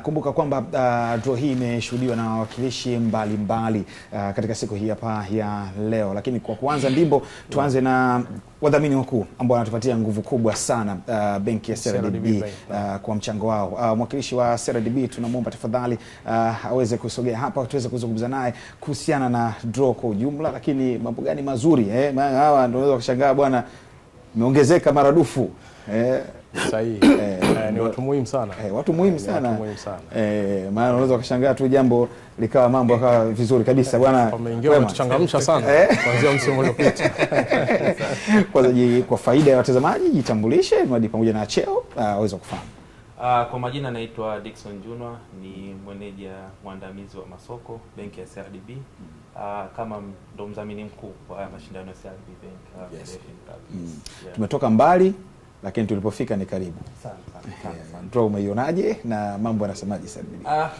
Kumbuka kwamba uh, draw hii imeshuhudiwa na wawakilishi mbalimbali uh, katika siku hii hapa ya leo, lakini kwa kuanza ndimbo, tuanze na wadhamini wakuu ambao wanatupatia nguvu kubwa sana uh, benki ya CRDB uh, kwa mchango wao uh, mwakilishi wa CRDB tunamwomba tafadhali uh, aweze kusogea hapa tuweze kuzungumza naye kuhusiana na draw kwa ujumla, lakini mambo gani mazuri eh, hawa ndio wanaweza kushangaa bwana, imeongezeka maradufu eh sahihi eh, ni watu muhimu sana eh, watu muhimu sana eh, maana unaweza ukashangaa tu jambo likawa mambo akawa vizuri kabisa bwana, wameingia wametuchangamsha eh. sana kuanzia msimu uliopita. Kwanza, kwa faida ya watazamaji, jitambulishe mradi pamoja na cheo ah, aweze uh, kufahamu. Uh, kwa majina naitwa Dickson Junwa, ni mweneja mwandamizi wa masoko benki ya CRDB. Uh, mm. ah, kama ndo mdhamini mkuu wa mashindano ya CRDB Bank uh, yes. Mm. Yeah. Tumetoka mbali lakini tulipofika ni karibu Ntua, umeionaje na mambo yanasemaje sasa Ah,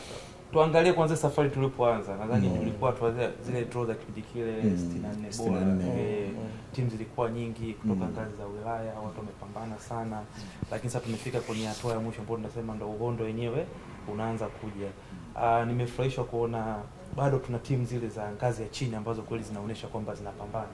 tuangalie kwanza safari tulipoanza, nadhani mm. tulikuwa tuanze zile draw za kipindi kile 64 mm. bora eh, mm. timu zilikuwa nyingi kutoka mm. ngazi za wilaya, watu wamepambana sana mm. lakini sasa tumefika kwenye hatua ya mwisho ambapo tunasema ndio uhondo wenyewe unaanza kuja. Ah, nimefurahishwa kuona bado tuna timu zile za ngazi ya chini ambazo kweli zinaonyesha kwamba zinapambana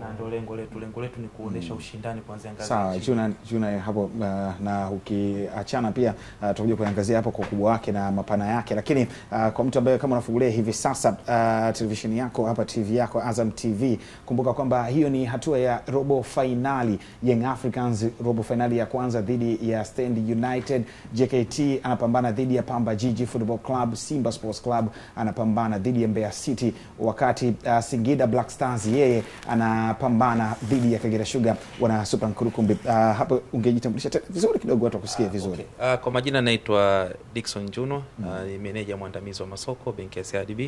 na ndio lengo letu. Lengo letu ni kuonesha mm. ushindani kuanzia ngazi sawa chuna chuna hapo na, na ukiachana pia uh, tutakuja kuangazia hapo kwa ukubwa wake na mapana yake, lakini uh, kwa mtu ambaye kama unafungulia hivi sasa uh, televisheni yako hapa TV yako Azam TV, kumbuka kwamba hiyo ni hatua ya robo finali, Young Africans robo finali ya kwanza dhidi ya Stand United, JKT anapambana dhidi ya Pamba Jiji Football Club, Simba Sports Club anapambana dhidi ya Mbeya City, wakati uh, Singida Black Stars yeye ana wanapambana dhidi ya Kagera Sugar wana Super Nkurukumbi. Uh, hapo ungejitambulisha tena vizuri kidogo watu wakusikie ah, vizuri. Uh, okay. Uh, kwa majina naitwa Dickson Juno mm. Uh, ni meneja mwandamizi wa masoko benki ya CRDB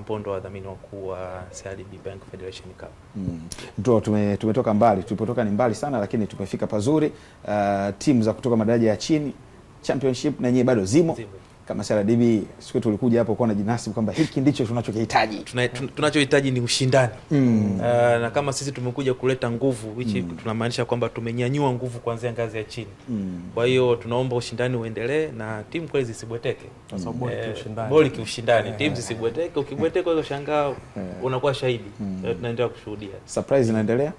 mpondo wa wadhamini wakuu wa CRDB Bank Federation Cup. Mm. Ndio tume, tumetoka mbali, tulipotoka ni mbali sana lakini tumefika pazuri. Uh, timu za kutoka madaraja ya chini championship na nyewe bado zimo, zimo kama CRDB siku tulikuja hapo kwa jinasi kwamba hiki ndicho tunachokihitaji. Tunachohitaji ni ushindani mm. Uh, na kama sisi tumekuja kuleta nguvu hichi mm. tunamaanisha kwamba tumenyanyua nguvu kuanzia ngazi ya chini mm. Kwa hiyo tunaomba ushindani uendelee na timu kweli zisibweteke mm. Eh, boli kiushindani yeah. Timu zisibweteke, ukibweteka yeah. yeah. Unakuwa shahidi mm. Tunaendelea kushuhudia surprise inaendelea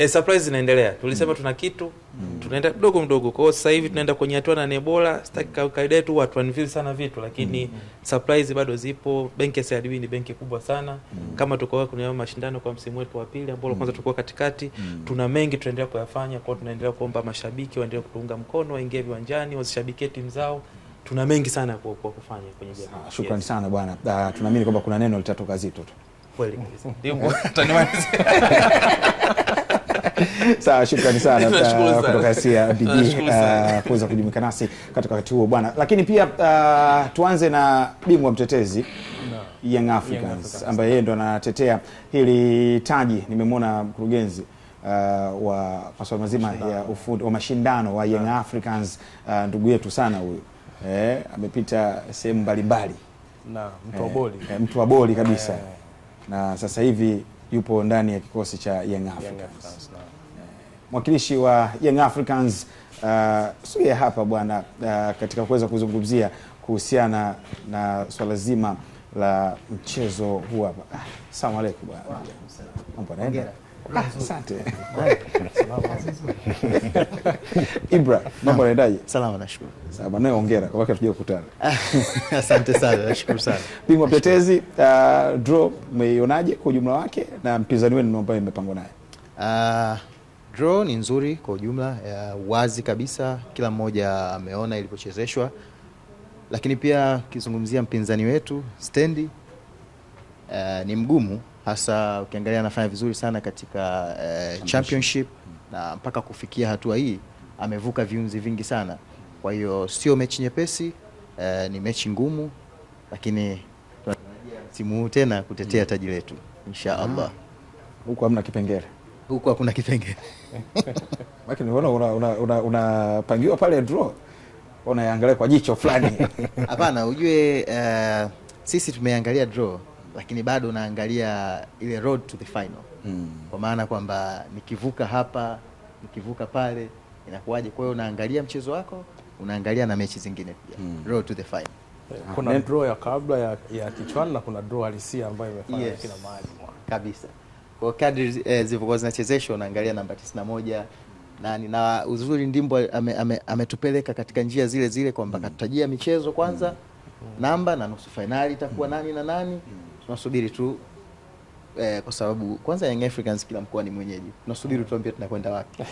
e, eh, surprise inaendelea Tulisema mm. tuna kitu mm. tunaenda mdogo mdogo. Kwa hiyo sasa hivi tunaenda kwenye hatua na nebola Sitaki kaida yetu watu wanivili sana vitu, lakini mm. surprise bado zipo. Benki ya CRDB ni benki kubwa sana. mm. Kama tuko kuna mashindano kwa msimu wetu wa pili ambao kwanza mm. tulikuwa katikati, mm. tuna mengi tunaendelea kuyafanya. Kwa hiyo tunaendelea kuomba mashabiki waendelee kutuunga mkono, waingie viwanjani, wazishabikie timu zao tuna mengi sana kwa, kwa kufanya kwenye jamii. Shukrani yes. sana bwana. Uh, tunaamini kwamba kuna neno litatoka zito tu. Kweli kabisa. Ndio. Tanimaliza. sawa shukrani sana eh, kutoka CRDB eh, kuweza kujumuika nasi katika wakati huo bwana lakini pia uh, tuanze na bingwa mtetezi no. Young Africans, ambaye yeye ndo anatetea hili taji nimemwona mkurugenzi Uh, wa maswala mazima ya ufundi wa mashindano wa Young Africans uh, ndugu yetu sana huyu eh, amepita sehemu mbalimbali na mtu wa boli eh, mtu wa boli kabisa eh. Na sasa hivi yupo ndani ya kikosi cha Young Africans. Young Africans mwakilishi wa Young Africans uh, sogea hapa bwana uh, katika kuweza kuzungumzia kuhusiana na swala zima la mchezo huu hapa. Asalamu ah, alaykum bwana. Mambo yanaenda? Ah, asante. Ibra, mambo yanaendaje? Salama nashukuru. Sawa, nawe hongera kwa wakati tujakutana. Asante sana, nashukuru sana. Bingwa mtetezi uh, draw umeionaje kwa ujumla wake na mpinzani wenu ambaye mmepangwa naye? Uh, Draw ni nzuri kwa ujumla, wazi kabisa, kila mmoja ameona ilipochezeshwa, lakini pia kizungumzia mpinzani wetu stendi uh, ni mgumu hasa ukiangalia anafanya vizuri sana katika uh, championship na mpaka kufikia hatua hii amevuka viunzi vingi sana. Kwa hiyo sio mechi nyepesi, uh, ni mechi ngumu, lakini tunatarajia msimu huu tena kutetea mm. taji letu insha Allah. Ah, Huko hamna kipengele huku hakuna kipenge lakini unaona una, una, una pale draw unaangalia kwa jicho fulani hapana ujue uh, sisi tumeangalia draw lakini bado unaangalia ile road to the final hmm. kwa maana kwamba nikivuka hapa nikivuka pale inakuwaje kwa hiyo unaangalia mchezo wako unaangalia na mechi zingine pia hmm. road to the final eh, kuna ah, draw ya kabla ya, ya kichwani na kuna draw halisia ambayo imefanya yes. kina maji kabisa kwa kadri eh, zilivyokuwa zinachezeshwa unaangalia namba 91 nani na uzuri ndimbo ametupeleka ame, ame katika njia zile zile kwamba mm. katutajia michezo kwanza mm. namba na nusu fainali itakuwa mm. nani na nani mm. tunasubiri mm. tu eh, kwa sababu kwanza Young Africans kila mkoa ni mwenyeji, tunasubiri mm. tuambie tunakwenda wapi.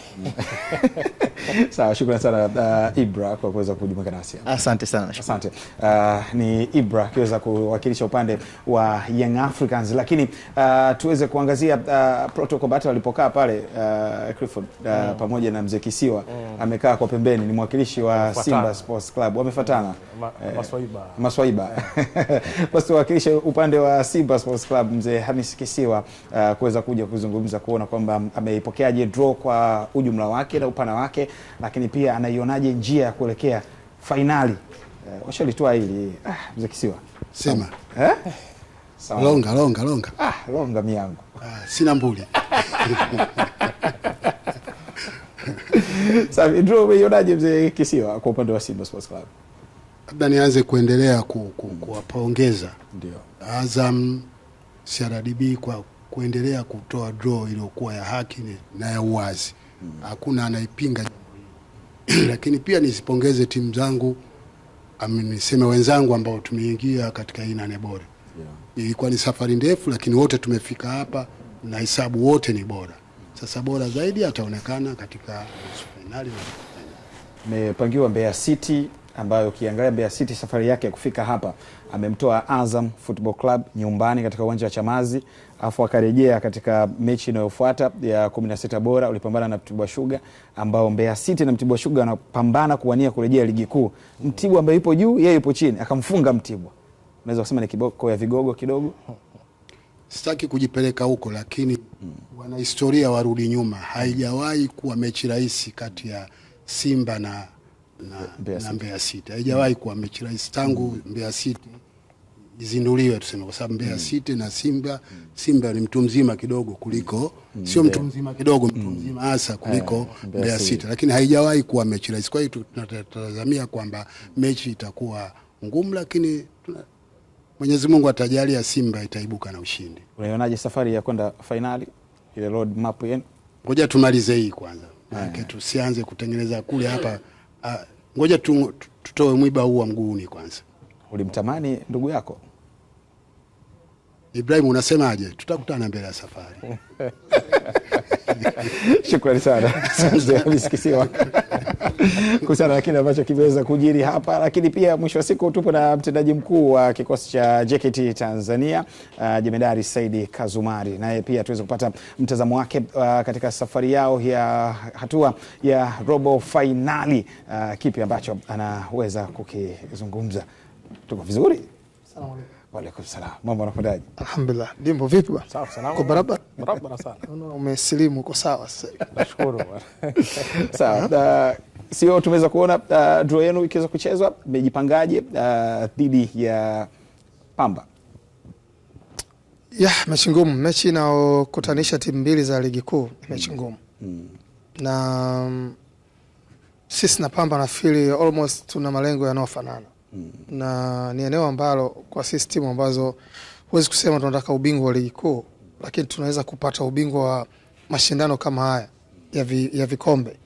Sawa, shukrani sana uh, Ibra kwa kuweza kujumuika nasi. Asante sana. Asante. Uh, ni Ibra akiweza kuwakilisha upande wa Young Africans, lakini uh, tuweze kuangazia uh, protocol battle alipokaa pale uh, Clifford uh, mm. pamoja na mzee Kisiwa mm. amekaa kwa pembeni, ni mwakilishi wa Mfata. Simba Sports Club, wamefuatana Ma, eh, maswaiba, maswaiba. basi tuwakilishe upande wa Simba Sports Club mzee Hamis Kisiwa uh, kuweza kuja kuzungumza kuona kwamba ameipokeaje draw kwa ujumla wake na upana wake, lakini pia anaionaje njia ya kuelekea fainali. Uh, washalitoa hili ah, mzee Kisiwa sema eh? eh? Sawa. Longa, longa, longa. Ah, longa miangu. Ah, sina mbuli. Safi, draw umeionaje mzee Kisiwa kwa upande wa Simba Sports Club? Labda nianze kuendelea kuwapongeza ku, ku, Azam CRDB kwa kuendelea kutoa draw iliyokuwa ya haki na ya uwazi. Hakuna anaipinga lakini pia nisipongeze timu zangu, niseme wenzangu ambao tumeingia katika hii nane bora yeah. Ilikuwa ni safari ndefu, lakini wote tumefika hapa na hesabu wote ni bora. Sasa bora zaidi ataonekana katika fainali. Mepangiwa Mbeya City ambayo ukiangalia Mbeya City safari yake ya kufika hapa amemtoa Azam Football Club nyumbani katika uwanja wa Chamazi, afu akarejea katika mechi inayofuata ya 16 bora ulipambana na Mtibwa Sugar, ambao Mbeya City na Mtibwa Sugar wanapambana kuwania kurejea ligi kuu. Mtibwa ambaye yupo juu, yeye yupo chini, akamfunga Mtibwa. Unaweza kusema ni kiboko ya vigogo kidogo. Sitaki kujipeleka huko, lakini wanahistoria warudi nyuma, haijawahi kuwa mechi rahisi kati ya Simba na na Mbeya City, na Mbeya City haijawahi kuwa mechi rahisi tangu mm. Mbeya City izinduliwe tuseme, kwa sababu Mbeya mm. City na Simba, Simba ni mtu mzima kidogo kuliko mm. sio mtu mzima kidogo, mtu mzima hasa kuliko eh, Mbeya City, lakini haijawahi kuwa mechi rahisi. Kwa hiyo tunatazamia kwamba mechi itakuwa ngumu, lakini Mwenyezi Mungu atajalia Simba itaibuka na ushindi. Unaionaje safari ya kwenda fainali, ile road map yenu? Ngoja tumalize hii kwanza, maana eh. tusianze kutengeneza kule hapa Ah, ngoja tu, tutoe mwiba huu wa mguuni kwanza. Ulimtamani ndugu yako Ibrahim, unasemaje? Tutakutana mbele ya safari. Shukrani sana Hamisi Kisiwa. kuhusiana na kile ambacho kimeweza kujiri hapa, lakini pia mwisho wa siku tupo na mtendaji mkuu wa kikosi cha JKT Tanzania uh, Jemedari Saidi Kazumari, naye pia tuweze kupata mtazamo wake uh, katika safari yao ya hatua ya robo fainali uh, kipi ambacho anaweza kukizungumza. Tuko vizuri? Salamu Waalaikum salaam. Mambo nakwendaje? Alhamdulillah. ndimbo vipi bwana? Sawa salama. Kwa barabara? Barabara sana. Unaona umesilimu uko sawa sasa. Nashukuru bwana. Sawa sio tumeweza kuona uh, draw yenu ikiweza kuchezwa, mmejipangaje uh, dhidi ya Pamba? Ya, mechi ngumu, mechi inayokutanisha timu mbili za ligi kuu, ni mechi mm. ngumu mm. na um, sisi na Pamba nafikiri almost tuna malengo yanayofanana mm. na ni eneo ambalo kwa sisi timu ambazo huwezi kusema tunataka ubingwa wa ligi kuu, lakini tunaweza kupata ubingwa wa mashindano kama haya ya, vi, ya vikombe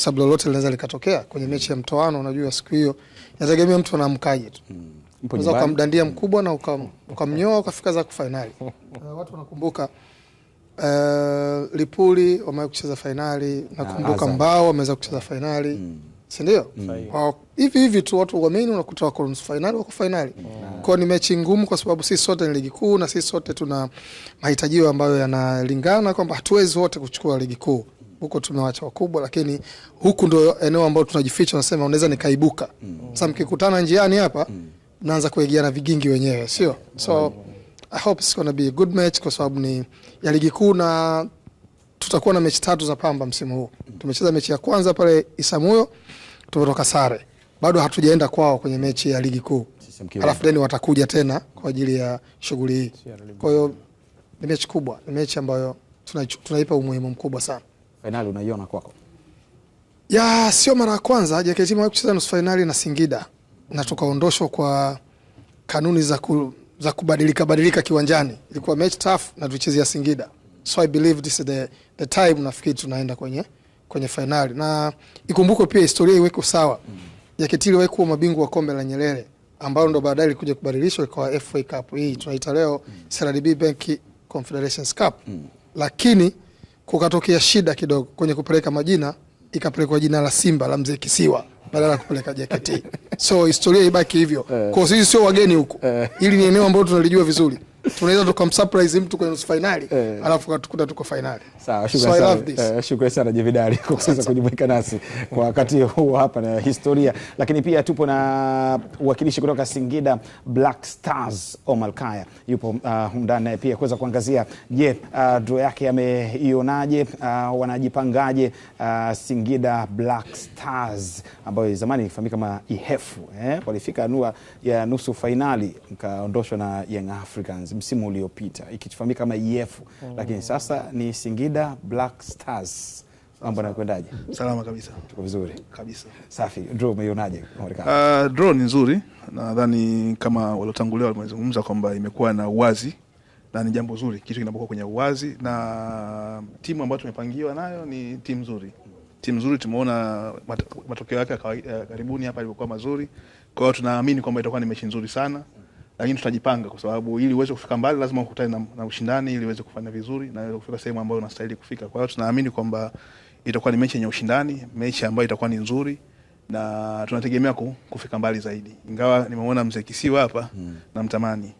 sababu lolote linaweza likatokea kwenye mechi ya mtoano. Unajua siku hiyo inategemea mtu anaamkaje tu, hmm. unaweza ukamdandia mkubwa na ukamnyoa ukafika zako fainali. Uh, eh, watu wanakumbuka uh, Lipuli wamewahi kucheza fainali, nakumbuka Mbao wameweza kucheza fainali mm. si ndio? Hmm. hivi hivi tu watu wamini, unakuta wako nusu fainali, wako fainali mm. kwao ni mechi ngumu, kwa sababu sisi sote ni ligi kuu na sisi sote tuna mahitajio ambayo yanalingana, kwamba hatuwezi wote kuchukua ligi kuu huko tumewacha wakubwa, lakini huku ndio eneo ambalo tunajificha, nasema unaweza nikaibuka. Mm. Sasa mkikutana njiani hapa mm. mnaanza mm. kuegeana vigingi wenyewe, sio? So mm. I hope it's gonna be a good match kwa sababu ni ya ligi kuu na tutakuwa na mechi tatu za Pamba msimu huu. Mm. Tumecheza mechi ya kwanza pale Isamuyo, tumetoka sare, bado hatujaenda kwao kwenye mechi ya ligi kuu, alafu deni watakuja tena kwa ajili ya shughuli hii. Kwa hiyo ni mechi kubwa, ni mechi ambayo tunaipa umuhimu mkubwa sana fainali unaiona kwako? Ya, sio mara ya kwanza JKT mwa kucheza nusu fainali na Singida na tukaondoshwa kwa kanuni za, ku, za kubadilika badilika kiwanjani. Ilikuwa mechi tough na tulichezea Singida, so I believe this is the, the time nafikiri tunaenda kwenye, kwenye fainali, na ikumbukwe pia historia iweko sawa mm. JKT iliwahi kuwa mabingwa wa kombe la Nyerere ambalo ndo baadaye ilikuja kubadilishwa ikawa FA Cup hii tunaita leo mm. CRDB Bank Confederations Cup mm. lakini kukatokea shida kidogo kwenye kupeleka majina, ikapelekwa jina la Simba la mzee Kisiwa badala ya kupeleka JKT so historia ibaki hivyo, eh. kwa sisi sio wageni huku eh. hili ni eneo ambalo tunalijua vizuri tunaweza tukamsurprise mtu kwenye nusu eh, alafu katukuta tuko finali. Sawa, shukrani sana, eh, shukrani sana Jevidali kwa kuweza kujumuika nasi kwa wakati huu hapa na historia, lakini pia tupo na uwakilishi kutoka Singida Black Stars, Omar Kaya yupo uh, ndani naye pia kuweza kuangazia, je, uh, draw yake ameionaje, uh, wanajipangaje uh, Singida Black Stars ambayo zamani ilifahamika kama IHEFU eh, walifika nua ya nusu fainali mkaondoshwa na Young Africans msimu uliopita ikifahamika kama EF mm. Lakini sasa ni Singida Black Stars. Mambo yanakwendaje? Salama kabisa. Tuko vizuri kabisa. Safi. Draw umeionaje? Uh, ah, draw ni nzuri, nadhani kama waliotangulia walizungumza kwamba imekuwa na uwazi na ni jambo zuri, kitu kinapokuwa kwenye uwazi na timu ambayo tumepangiwa nayo ni timu nzuri timu nzuri. Tumeona matokeo yake karibuni hapa ilikuwa mazuri, kwa hiyo tunaamini kwamba itakuwa ni mechi nzuri sana lakini tutajipanga kwa sababu ili uweze kufika mbali lazima ukutane na, na ushindani ili uweze kufanya vizuri na kufika sehemu ambayo unastahili kufika. Kwa hiyo tunaamini kwamba itakuwa ni mechi yenye ushindani, mechi ambayo itakuwa ni nzuri na tunategemea kufika mbali zaidi, ingawa nimemwona mzee Kisiwa hapa hmm. namtamani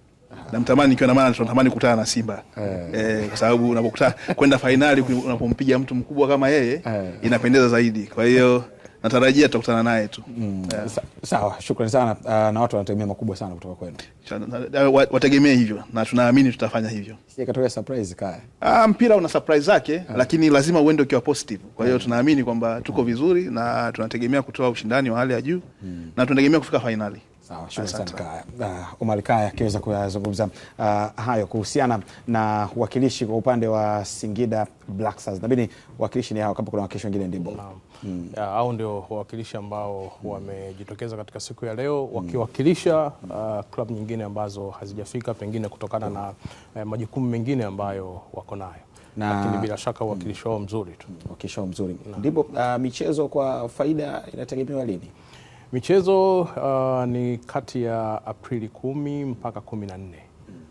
namtamani ikiwa na maana tunatamani kukutana na Simba yeah. Eh, kwa sababu unapokuta kwenda fainali unapompiga mtu mkubwa kama yeye eh. inapendeza zaidi, kwa hiyo natarajia tutakutana naye tu mm. yeah. Sa sawa, shukrani sana uh, na watu wanategemea makubwa sana kutoka kwenu, wategemee hivyo na tunaamini tutafanya hivyo. surprise kaya. Ah, mpira una surprise zake yeah. Lakini lazima uende ukiwa positive. Kwa hiyo yeah. tunaamini kwamba tuko vizuri na tunategemea kutoa ushindani wa hali ya juu mm. na tunategemea kufika fainali. Sawa, ah, Kaya. akiweza kuyazungumza uh, hayo kuhusiana na uwakilishi kwa upande wa Singida Black Stars. Nabini wakilishi ni hao, kama kuna wakilishi wengine ndimbo mm. au ndio wawakilishi ambao hmm. wamejitokeza katika siku ya leo hmm. wakiwakilisha uh, ah, klabu nyingine ambazo hazijafika pengine kutokana na uh, majukumu mengine ambayo wako nayo na, lakini bila shaka uwakilishi hmm. wao mzuri tu, uwakilishi wao mzuri. Ndipo uh, michezo kwa faida inategemewa lini? Michezo uh, ni kati ya Aprili kumi mpaka kumi na nne.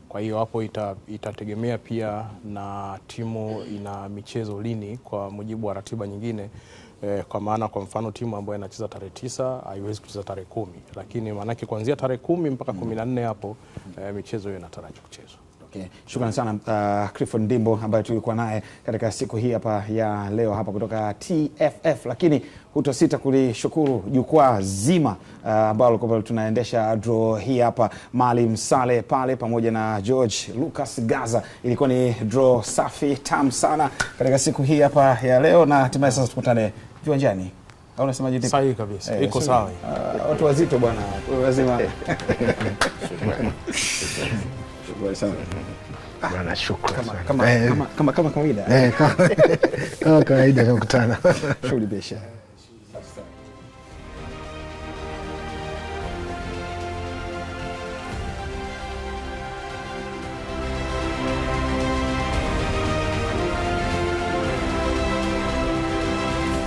Kwa hiyo hapo ita, itategemea pia na timu ina michezo lini kwa mujibu wa ratiba nyingine eh, kwa maana kwa mfano timu ambayo inacheza tarehe tisa haiwezi kucheza tarehe kumi, lakini maanake kuanzia tarehe kumi mpaka kumi na nne hapo eh, michezo hiyo inatarajiwa kuchezwa. Okay. Shukrani sana uh, Clifford Ndimbo ambaye tulikuwa naye katika siku hii hapa ya leo hapa kutoka TFF, lakini hutosita kulishukuru jukwaa zima uh, ambalo uh, tunaendesha draw hii hapa, Maalim Sale pale pamoja na George Lucas Gaza. Ilikuwa ni draw safi tamu sana katika siku hii hapa ya leo, na hatimaye sasa tukutane viwanjani. Sahihi kabisa. Hey, eh, iko sawa. Uh, watu wazito bwana, lazima Ah, Bwana shukrani. Kama eh. kawaida eh, kama kawaida tunakutana shughuli biashara